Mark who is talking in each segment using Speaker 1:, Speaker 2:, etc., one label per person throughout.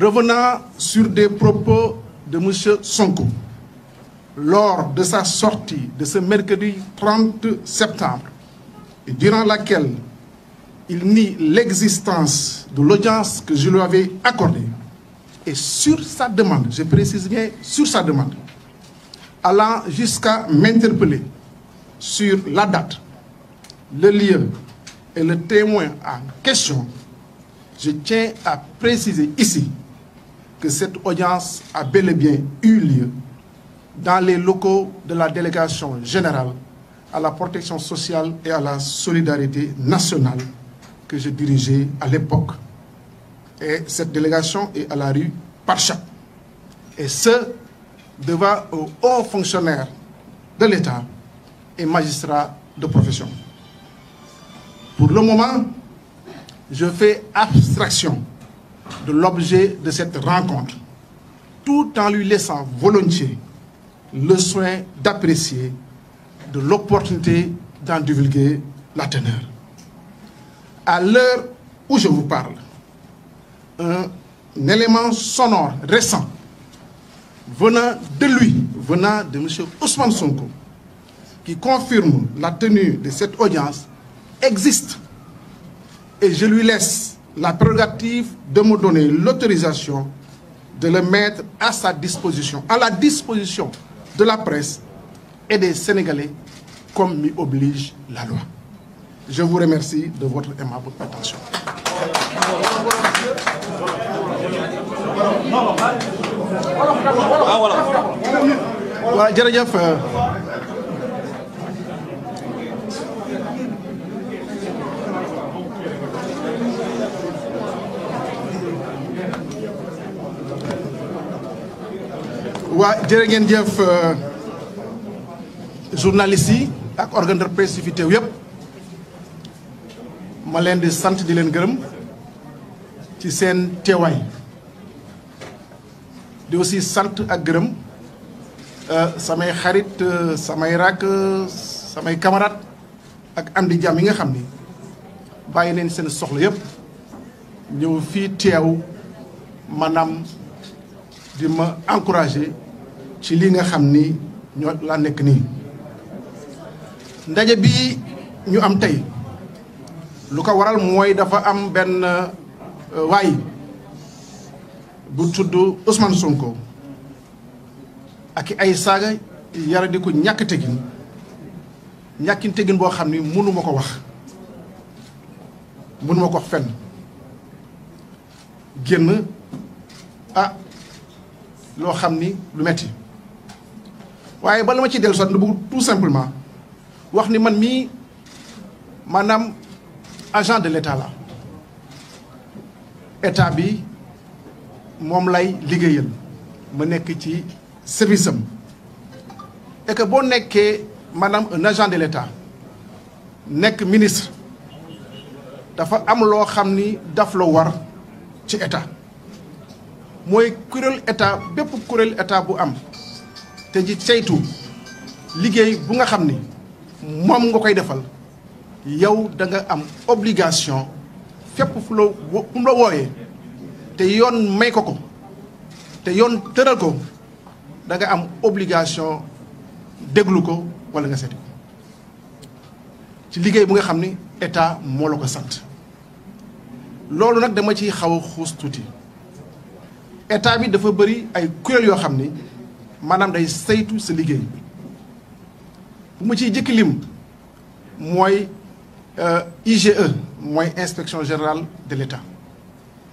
Speaker 1: Revenant sur des propos de M. Sonko lors de sa sortie de ce mercredi 30 septembre, et durant laquelle il nie l'existence de l'audience que je lui avais accordée, et sur sa demande, je précise bien sur sa demande, allant jusqu'à m'interpeller sur la date, le lieu et le témoin en question, je tiens à préciser ici que cette audience a bel et bien eu lieu dans les locaux de la délégation générale à la protection sociale et à la solidarité nationale que je dirigeais à l'époque. Et cette délégation est à la rue Parchat. Et ce, devant aux hauts fonctionnaires de l'État et magistrats de profession. Pour le moment, je fais abstraction de l'objet de cette rencontre, tout en lui laissant volontiers le soin d'apprécier de l'opportunité d'en divulguer la teneur. À l'heure où je vous parle, un élément sonore récent venant de lui, venant de M. Ousmane Sonko, qui confirme la tenue de cette audience, existe. Et je lui laisse la prérogative de me donner l'autorisation de le mettre à sa disposition, à la disposition de la presse et des Sénégalais, comme m'y oblige la loi. Je vous remercie de votre aimable attention. waaw ah, jërëjëf euh, waa jërë ngeen jëf euh, journaliste yi ak organe de presse yi fi teew yëpp ma leen di sant di leen gërëm ci seen teewaay di aussi sant ak gërëm euh, samay xarit euh, samay rakk samay camarade ak am di jàmm yi nga xam ni bàyyi leen seen soxla yëpp ñëw fii teew maanaam di ma encourager ci lii nga xam ni ñoo laa nekk nii ndaje bi ñu am tey lu ko waral mooy dafa am benn euh, waay bu tudd Ousmane Sonko ak ay saaga yara di ko ñàkk tegin ñàkkin tegin boo xam ni mënu ko wax mënu ma ko fenn génn ah loo xam ni lu metti waaye bala ma ciy dellu soit bëgg tout simplement wax ni man mii maanaam agent de l'état la état bi moom lay liggéeyal ma nekk ci service am et boo nekkee maanaam un agent de l'état nekk ministre dafa am loo xam ni daf la war ci état mooy kuréel état bépp kuréel état bu am te ci saytu liggéey bu nga xam ni moom nga koy defal yow danga am obligation fépp fu la fu la wooyee te yoon may ko ko te yoon tëral ko da am obligation déglu ko wala nga seeti ko ci liggéey bu nga xam ni état moo la ko sant loolu nag dama ci xaw a xuus tuuti état bi dafa bëri ay kuréel yoo xam ni maanaam day saytu sa liggéey bu ma ciy jëkki lim mooy euh, IGE mooy inspection générale de l'État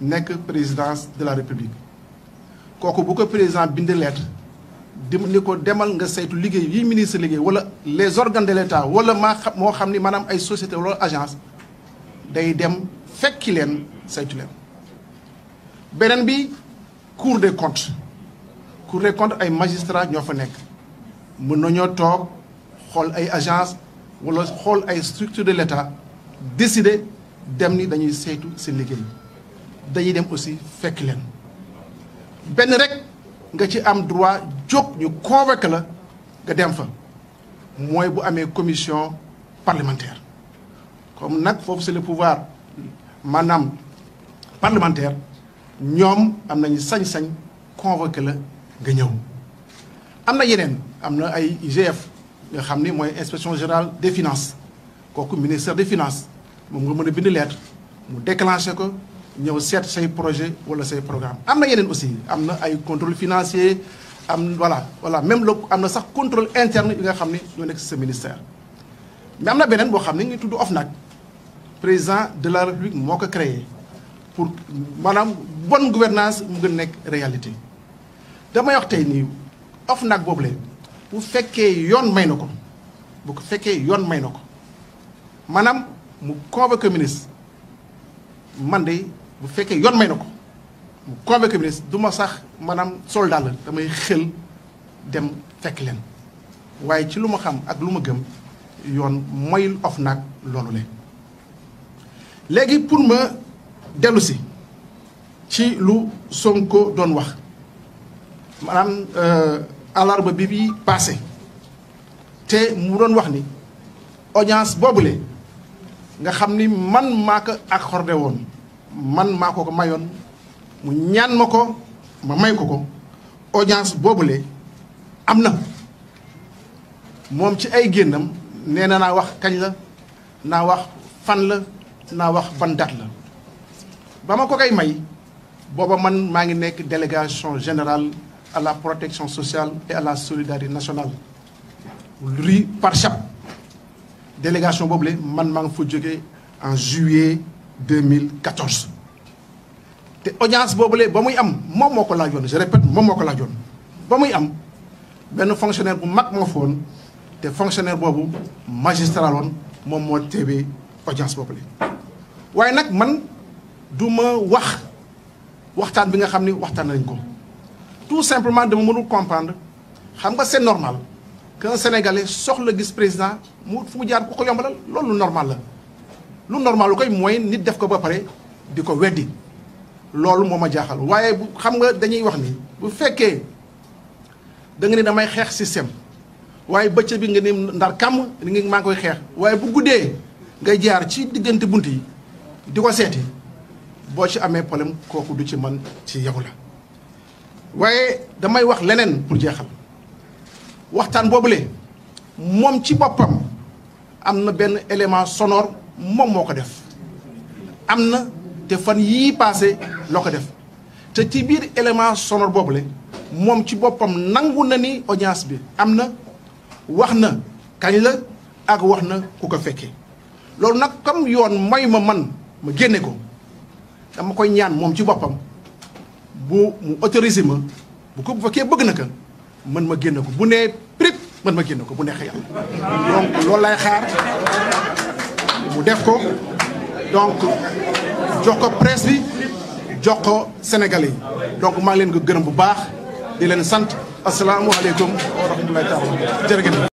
Speaker 1: nekk présidence de la République kooku bu ko président bindee lettre di ni ko demal nga saytu liggéey yi ministre liggéey wala les organes de l'État wala maa xam moo xam ni maanaam ay société wala agence day dem fekki leen saytu leen beneen bi Cour des comptes pour des ay magistrats ñoo fa nekk mën nañoo toog xool ay agence wala xool ay structure de l'État décider dem ni dañuy saytu seen liggéey dañuy dem aussi fekk leen benn rek nga ci am droit jóg ñu convoqué nga dem fa mooy bu amee commission parlementaire comme nag foofu c'est le pouvoir maanaam parlementaire ñoom am nañu sañ-sañ convoqué nga ñëw am na yeneen am na ay IGF nga xam ni mooy inspection générale des finances kooku ministère de finance moom nga mën a bind lettre mu déclenché ko ñëw seet say projet wala say programme am na yeneen aussi am na ay contrôle financier am voilà voilà même le am na sax contrôle interne yi nga xam ni ñoo nekk sa ministère mais am na beneen boo xam ne ngi tudd nag président de la république moo ko créé pour maanaam bonne gouvernance mu gën nekk réalité damay wax tey nii OFNAC boobu leen bu fekkee yoon may na ko bu ko fekkee yoon may na ko maanaam mu convoqué ministre man de bu fekkee yoon may na ko mu convoqué ministre du ma sax maanaam soldat la damay xel dem fekk leen waaye ci lu ma xam ak lu ma gëm yoon mayul OFNAC loolu leen léegi pour ma dellusi ci lu Sonko doon wax maanaam euh, alarba bi bi passé te mu doon wax ni audience boobule nga xam ni man maa ko accordé woon man maa ko ko mayoon mu ñaan ma ko ma may ko ko audience boobule am na moom ci ay génnam nee na naa wax kañ la naa wax fan la naa wax ban date la ba ma ko kay may booba man maa ngi nekk délégation général à la protection sociale et à la solidarité nationale ri par chap délégation boobu le man maa ngi fa jógee en juillet 2014 te audience boobule ba muy am moom moo ko laajoon je répète moom moo ko laajoon ba muy am benn fonctionnaire bu mag moo foon te fonctionnaire boobu magistral moom moo teebee audience boobule. waaye nag man du ma wax waxtaan bi nga xam ni waxtaan a ko. tout simplement dama mënul comprendre xam nga seen normal qu'un Sénégalais soxla gis président mu fu mu jaar ku ko yombalal loolu normal la lu normal lu koy mooy nit def ko ba pare di ko weddi loolu moo ma jaaxal waaye bu xam nga dañuy wax ni bu fekkee danga nga ne damay xeex système waaye bëccëg bi nga ne ndar kàmm ni ngi maa ngi koy xeex waaye bu guddee ngay jaar ci diggante bunt yi di ko seeti boo ci amee problème kooku du ci man ci yow la waaye damay wax leneen pour jeexal waxtaan boobule moom ci boppam am na benn élément sonore moom moo ko def am na te fan yii passé loo ko def te ci biir élément sonore boobule moom ci boppam nangu na ni audience bi am na wax na kañ la ak wax na ku ko fekke loolu nag comme yoon mooy ma man ma génne ko dama koy ñaan moom ci boppam bu mu autorisé ma bu ko bu fekkee bëgg na ko man ma génn ko bu nee prip mën ma génn ko bu neexee yàlla donc loolu lay xaar mu def ko donc jox ko presse bi jox ko sénégalais yi donc maa ngi leen ko gërëm bu baax di leen sant asalaamualeykum wa rahmatullahi taala jërë ngeen